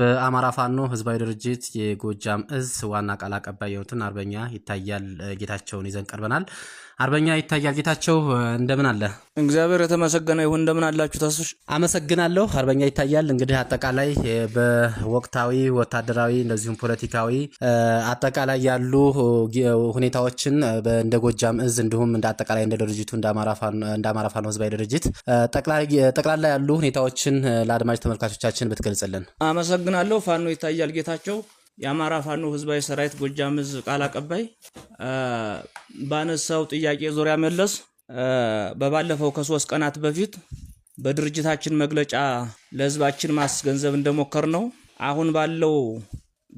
በአማራ ፋኖ ህዝባዊ ድርጅት የጎጃም እዝ ዋና ቃል አቀባይ የሆኑትን አርበኛ ይታያል ጌታቸውን ይዘን ቀርበናል። አርበኛ ይታያል ጌታቸው እንደምን አለ? እግዚአብሔር የተመሰገነ ይሁን። እንደምን አላችሁ ታሶች? አመሰግናለሁ። አርበኛ ይታያል እንግዲህ አጠቃላይ በወቅታዊ ወታደራዊ፣ እንደዚሁም ፖለቲካዊ አጠቃላይ ያሉ ሁኔታዎችን እንደ ጎጃም እዝ እንዲሁም እንደ አጠቃላይ እንደ ድርጅቱ እንደ አማራ ፋኖ ህዝባዊ ድርጅት ጠቅላላ ያሉ ሁኔታዎችን ለአድማጭ ተመልካቾቻችን ብትገልጽልን አመሰግናለሁ። ፋኖ ይታያል ጌታቸው የአማራ ፋኖ ህዝባዊ ሰራዊት ጎጃም ዕዝ ቃል አቀባይ ባነሳው ጥያቄ ዙሪያ መለስ በባለፈው ከሶስት ቀናት በፊት በድርጅታችን መግለጫ ለህዝባችን ማስገንዘብ እንደሞከር ነው። አሁን ባለው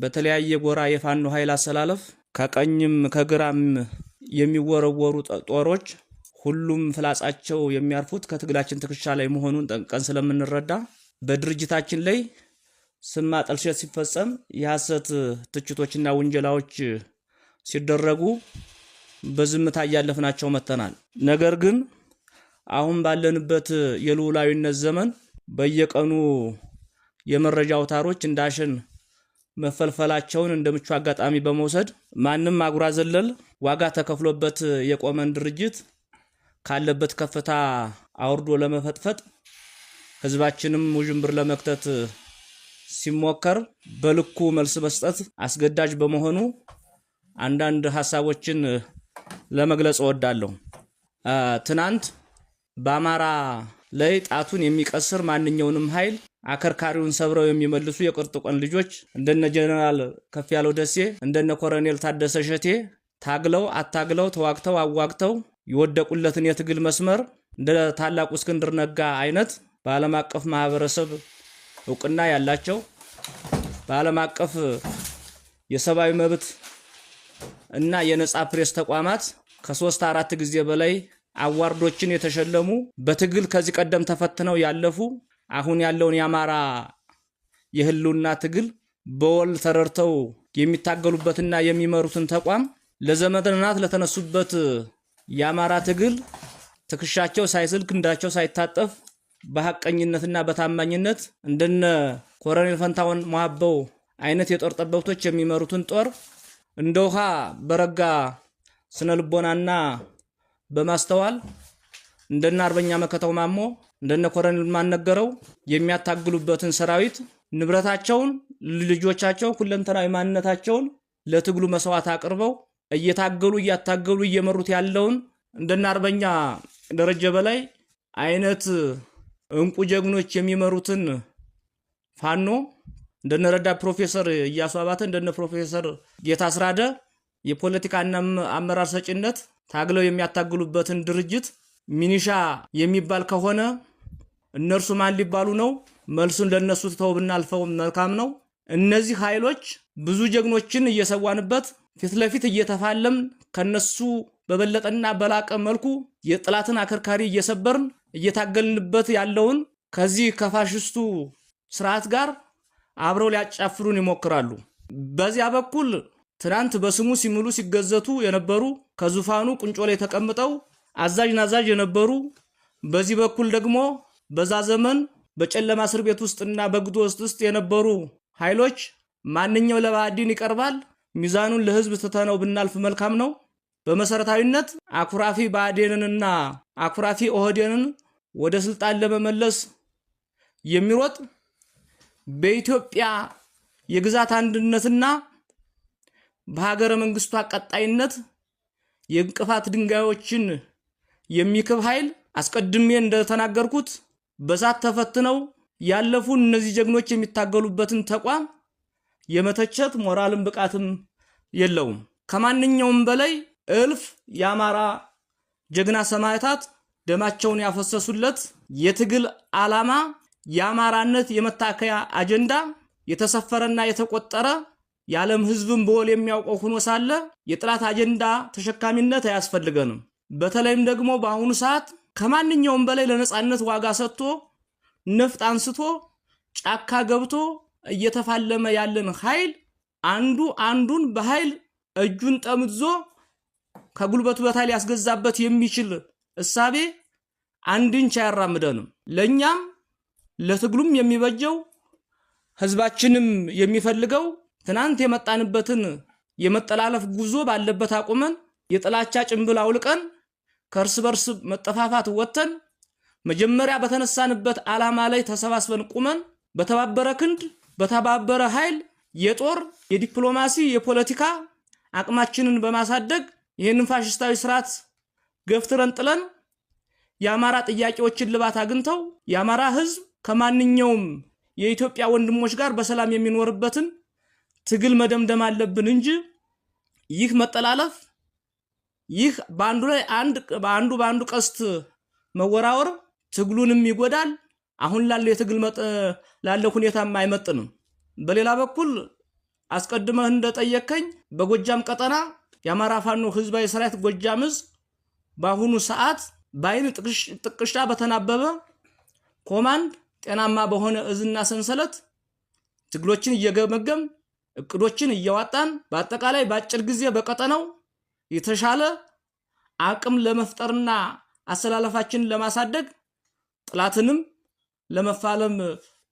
በተለያየ ጎራ የፋኖ ኃይል አሰላለፍ ከቀኝም ከግራም የሚወረወሩ ጦሮች ሁሉም ፍላጻቸው የሚያርፉት ከትግላችን ትከሻ ላይ መሆኑን ጠንቀን ስለምንረዳ በድርጅታችን ላይ ስም ማጠልሸት ሲፈጸም የሐሰት ትችቶችና ውንጀላዎች ሲደረጉ በዝምታ እያለፍናቸው መጥተናል። ነገር ግን አሁን ባለንበት የልዑላዊነት ዘመን በየቀኑ የመረጃ አውታሮች እንዳሸን መፈልፈላቸውን እንደ ምቹ አጋጣሚ በመውሰድ ማንም አጉራ ዘለል ዋጋ ተከፍሎበት የቆመን ድርጅት ካለበት ከፍታ አውርዶ ለመፈጥፈጥ ህዝባችንም ውዥንብር ለመክተት ሲሞከር በልኩ መልስ መስጠት አስገዳጅ በመሆኑ አንዳንድ ሀሳቦችን ለመግለጽ እወዳለሁ። ትናንት በአማራ ላይ ጣቱን የሚቀስር ማንኛውንም ኃይል አከርካሪውን ሰብረው የሚመልሱ የቅርጥቆን ቀን ልጆች እንደነ ጀነራል ከፍ ያለው ደሴ እንደነ ኮረኔል ታደሰ ሸቴ ታግለው አታግለው ተዋግተው አዋግተው የወደቁለትን የትግል መስመር እንደ ታላቁ እስክንድር ነጋ አይነት በዓለም አቀፍ ማህበረሰብ እውቅና ያላቸው በዓለም አቀፍ የሰብአዊ መብት እና የነጻ ፕሬስ ተቋማት ከሶስት አራት ጊዜ በላይ አዋርዶችን የተሸለሙ በትግል ከዚህ ቀደም ተፈትነው ያለፉ አሁን ያለውን የአማራ የህልውና ትግል በወል ተረድተው የሚታገሉበትና የሚመሩትን ተቋም ለዘመናት ለተነሱበት የአማራ ትግል ትከሻቸው ሳይስል ክንዳቸው ሳይታጠፍ በሐቀኝነትና በታማኝነት እንደነ ኮረኔል ፈንታውን ሟበው አይነት የጦር ጠበብቶች የሚመሩትን ጦር እንደ ውሃ በረጋ ስነ ልቦናና በማስተዋል እንደነ አርበኛ መከተው ማሞ እንደነ ኮረኔል ማነገረው የሚያታግሉበትን ሰራዊት ንብረታቸውን፣ ልጆቻቸው፣ ሁለንተናዊ ማንነታቸውን ለትግሉ መስዋዕት አቅርበው እየታገሉ እያታገሉ እየመሩት ያለውን እንደነ አርበኛ ደረጀ በላይ አይነት እንቁ ጀግኖች የሚመሩትን ፋኖ እንደነረዳ ፕሮፌሰር እያሱ አባተ እንደነ ፕሮፌሰር ጌታ አስራደ የፖለቲካና አመራር ሰጪነት ታግለው የሚያታግሉበትን ድርጅት ሚኒሻ የሚባል ከሆነ እነርሱ ማን ሊባሉ ነው? መልሱ ለነሱ ትተው ብናልፈው መልካም ነው። እነዚህ ኃይሎች ብዙ ጀግኖችን እየሰዋንበት ፊት ለፊት እየተፋለም ከነሱ በበለጠና በላቀ መልኩ የጥላትን አከርካሪ እየሰበርን እየታገልንበት ያለውን ከዚህ ከፋሽስቱ ስርዓት ጋር አብረው ሊያጫፍሩን ይሞክራሉ። በዚያ በኩል ትናንት በስሙ ሲምሉ ሲገዘቱ የነበሩ ከዙፋኑ ቁንጮ ላይ ተቀምጠው አዛዥ ናዛዥ የነበሩ በዚህ በኩል ደግሞ በዛ ዘመን በጨለማ እስር ቤት ውስጥና በግዶ ውስጥ ውስጥ የነበሩ ኃይሎች ማንኛው ለባዕዲን ይቀርባል፣ ሚዛኑን ለህዝብ ትተነው ብናልፍ መልካም ነው በመሰረታዊነት አኩራፊ ብአዴንንና አኩራፊ ኦህዴንን ወደ ስልጣን ለመመለስ የሚሮጥ በኢትዮጵያ የግዛት አንድነትና በሀገረ መንግስቷ ቀጣይነት የእንቅፋት ድንጋዮችን የሚክብ ኃይል አስቀድሜ እንደተናገርኩት በሳት ተፈትነው ያለፉ እነዚህ ጀግኖች የሚታገሉበትን ተቋም የመተቸት ሞራልም ብቃትም የለውም። ከማንኛውም በላይ እልፍ የአማራ ጀግና ሰማዕታት ደማቸውን ያፈሰሱለት የትግል ዓላማ የአማራነት የመታከያ አጀንዳ የተሰፈረና የተቆጠረ የዓለም ህዝብን በወል የሚያውቀው ሆኖ ሳለ የጥላት አጀንዳ ተሸካሚነት አያስፈልገንም። በተለይም ደግሞ በአሁኑ ሰዓት ከማንኛውም በላይ ለነፃነት ዋጋ ሰጥቶ ነፍጥ አንስቶ ጫካ ገብቶ እየተፋለመ ያለን ኃይል አንዱ አንዱን በኃይል እጁን ጠምዞ ከጉልበቱ በታይ ሊያስገዛበት የሚችል እሳቤ አንድ አያራምደንም። ለእኛም ለትግሉም የሚበጀው ህዝባችንም የሚፈልገው ትናንት የመጣንበትን የመጠላለፍ ጉዞ ባለበት አቁመን የጥላቻ ጭንብል አውልቀን ከእርስ በርስ መጠፋፋት ወጥተን መጀመሪያ በተነሳንበት ዓላማ ላይ ተሰባስበን ቁመን በተባበረ ክንድ በተባበረ ኃይል የጦር የዲፕሎማሲ፣ የፖለቲካ አቅማችንን በማሳደግ ይህንን ፋሽስታዊ ስርዓት ገፍትረን ጥለን የአማራ ጥያቄዎችን ልባት አግኝተው የአማራ ህዝብ ከማንኛውም የኢትዮጵያ ወንድሞች ጋር በሰላም የሚኖርበትን ትግል መደምደም አለብን እንጂ ይህ መጠላለፍ፣ ይህ በአንዱ ላይ በአንዱ በአንዱ ቀስት መወራወር ትግሉንም ይጎዳል። አሁን ላለው የትግል ላለው ሁኔታም አይመጥንም። በሌላ በኩል አስቀድመህ እንደጠየከኝ በጎጃም ቀጠና የአማራ ፋኖ ህዝባዊ ሰራዊት ጎጃም ዕዝ በአሁኑ ሰዓት በአይን ጥቅሻ በተናበበ ኮማንድ ጤናማ በሆነ እዝና ሰንሰለት ትግሎችን እየገመገም እቅዶችን እያዋጣን በአጠቃላይ በአጭር ጊዜ በቀጠነው የተሻለ አቅም ለመፍጠርና አሰላለፋችንን ለማሳደግ ጥላትንም ለመፋለም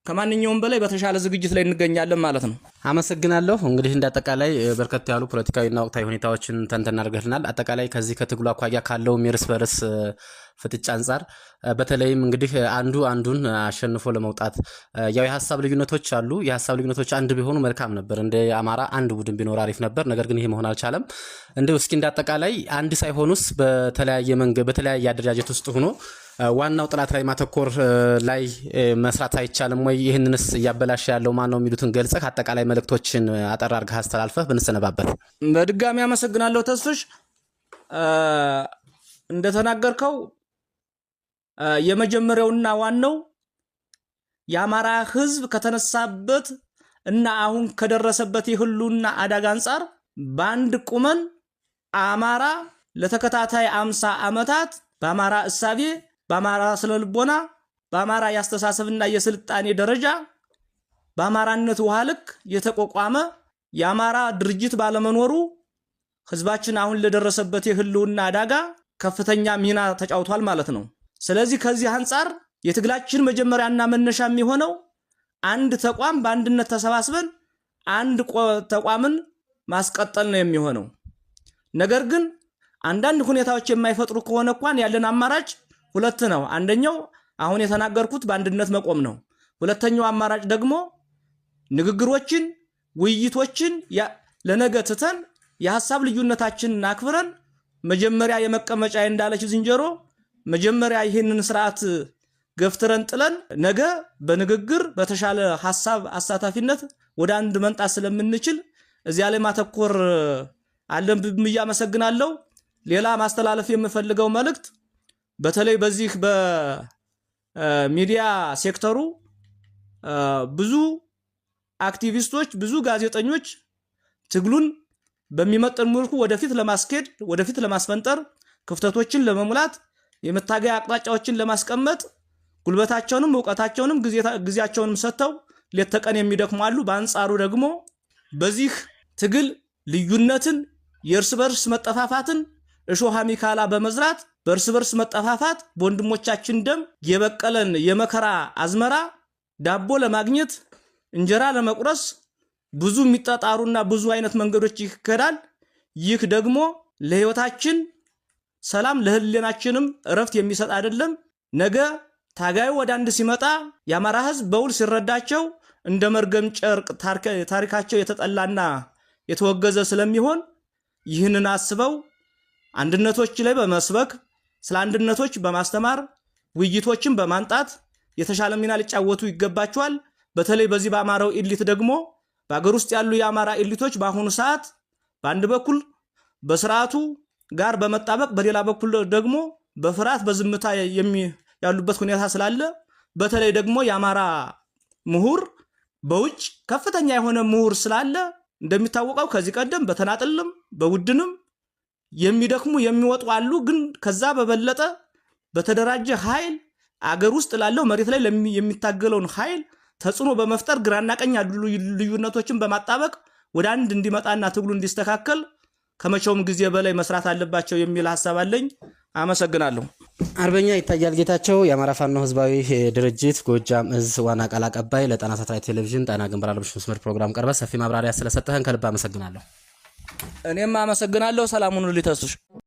ከማንኛውም በላይ በተሻለ ዝግጅት ላይ እንገኛለን ማለት ነው። አመሰግናለሁ። እንግዲህ እንደ አጠቃላይ በርከት ያሉ ፖለቲካዊና ወቅታዊ ሁኔታዎችን ተንተና አድርገህልናል። አጠቃላይ ከዚህ ከትግሉ አኳያ ካለውም የእርስ በርስ ፍጥጫ አንጻር በተለይም እንግዲህ አንዱ አንዱን አሸንፎ ለመውጣት ያው የሀሳብ ልዩነቶች አሉ። የሀሳብ ልዩነቶች አንድ ቢሆኑ መልካም ነበር። እንደ አማራ አንድ ቡድን ቢኖር አሪፍ ነበር። ነገር ግን ይሄ መሆን አልቻለም። እንደ እስኪ እንደ አጠቃላይ አንድ ሳይሆኑስ በተለያየ መንገድ በተለያየ አደረጃጀት ውስጥ ሆኖ ዋናው ጥናት ላይ ማተኮር ላይ መስራት አይቻልም ወይ? ይህንንስ እያበላሸ ያለው ማን ነው የሚሉትን ገልጸህ አጠቃላይ መልእክቶችን አጠር አድርገህ አስተላልፈህ ብንሰነባበት። በድጋሚ አመሰግናለሁ። ተስፍሽ እንደተናገርከው የመጀመሪያውና ዋናው የአማራ ሕዝብ ከተነሳበት እና አሁን ከደረሰበት የህልውና አደጋ አንጻር በአንድ ቁመን አማራ ለተከታታይ አምሳ ዓመታት በአማራ እሳቤ በአማራ ስነ ልቦና፣ በአማራ የአስተሳሰብና የስልጣኔ ደረጃ፣ በአማራነት ውሃ ልክ የተቋቋመ የአማራ ድርጅት ባለመኖሩ ህዝባችን አሁን ለደረሰበት የህልውና አደጋ ከፍተኛ ሚና ተጫውቷል ማለት ነው። ስለዚህ ከዚህ አንጻር የትግላችን መጀመሪያና መነሻ የሚሆነው አንድ ተቋም በአንድነት ተሰባስበን አንድ ተቋምን ማስቀጠል ነው የሚሆነው። ነገር ግን አንዳንድ ሁኔታዎች የማይፈጥሩ ከሆነ እንኳን ያለን አማራጭ ሁለት ነው። አንደኛው አሁን የተናገርኩት በአንድነት መቆም ነው። ሁለተኛው አማራጭ ደግሞ ንግግሮችን፣ ውይይቶችን ለነገ ትተን የሀሳብ ልዩነታችንን አክብረን መጀመሪያ የመቀመጫ እንዳለች ዝንጀሮ መጀመሪያ ይህንን ስርዓት ገፍትረን ጥለን ነገ በንግግር በተሻለ ሀሳብ አሳታፊነት ወደ አንድ መንጣት ስለምንችል እዚያ ላይ ማተኮር አለን ብዬ አመሰግናለሁ። ሌላ ማስተላለፍ የምፈልገው መልእክት በተለይ በዚህ በሚዲያ ሴክተሩ ብዙ አክቲቪስቶች፣ ብዙ ጋዜጠኞች ትግሉን በሚመጥን መልኩ ወደፊት ለማስኬድ ወደፊት ለማስፈንጠር ክፍተቶችን ለመሙላት የመታገያ አቅጣጫዎችን ለማስቀመጥ ጉልበታቸውንም እውቀታቸውንም ጊዜያቸውንም ሰጥተው ሌት ተቀን የሚደክሙ አሉ። በአንጻሩ ደግሞ በዚህ ትግል ልዩነትን፣ የእርስ በርስ መጠፋፋትን እሾህ ሚካላ በመዝራት በእርስ በርስ መጠፋፋት በወንድሞቻችን ደም የበቀለን የመከራ አዝመራ ዳቦ ለማግኘት እንጀራ ለመቁረስ ብዙ የሚጣጣሩና ብዙ አይነት መንገዶች ይከዳል። ይህ ደግሞ ለህይወታችን ሰላም ለህሌናችንም እረፍት የሚሰጥ አይደለም። ነገ ታጋዩ ወደ አንድ ሲመጣ የአማራ ህዝብ በውል ሲረዳቸው እንደ መርገም ጨርቅ ታሪካቸው የተጠላና የተወገዘ ስለሚሆን ይህንን አስበው አንድነቶች ላይ በመስበክ ስለ አንድነቶች በማስተማር ውይይቶችን በማንጣት የተሻለ ሚና ሊጫወቱ ይገባቸዋል። በተለይ በዚህ በአማራው ኢሊት ደግሞ በአገር ውስጥ ያሉ የአማራ ኢሊቶች በአሁኑ ሰዓት በአንድ በኩል በስርዓቱ ጋር በመጣበቅ በሌላ በኩል ደግሞ በፍርሃት በዝምታ ያሉበት ሁኔታ ስላለ በተለይ ደግሞ የአማራ ምሁር በውጭ ከፍተኛ የሆነ ምሁር ስላለ እንደሚታወቀው ከዚህ ቀደም በተናጥልም በቡድንም የሚደክሙ የሚወጡ አሉ። ግን ከዛ በበለጠ በተደራጀ ኃይል አገር ውስጥ ላለው መሬት ላይ የሚታገለውን ኃይል ተጽዕኖ በመፍጠር ግራና ቀኝ ያሉ ልዩነቶችን በማጣበቅ ወደ አንድ እንዲመጣና ትግሉ እንዲስተካከል ከመቼውም ጊዜ በላይ መስራት አለባቸው የሚል ሀሳብ አለኝ። አመሰግናለሁ። አርበኛ ይታያል ጌታቸው የአማራ ፋኖ ህዝባዊ ድርጅት ጎጃም እዝ ዋና ቃል አቀባይ፣ ለጣና ሳተላይት ቴሌቪዥን ጣና ግንባር አለብሽ መስመር ፕሮግራም ቀርበ ሰፊ ማብራሪያ ስለሰጠህን ከልብ አመሰግናለሁ። እኔም አመሰግናለሁ። ሰላሙን ሊተሱሽ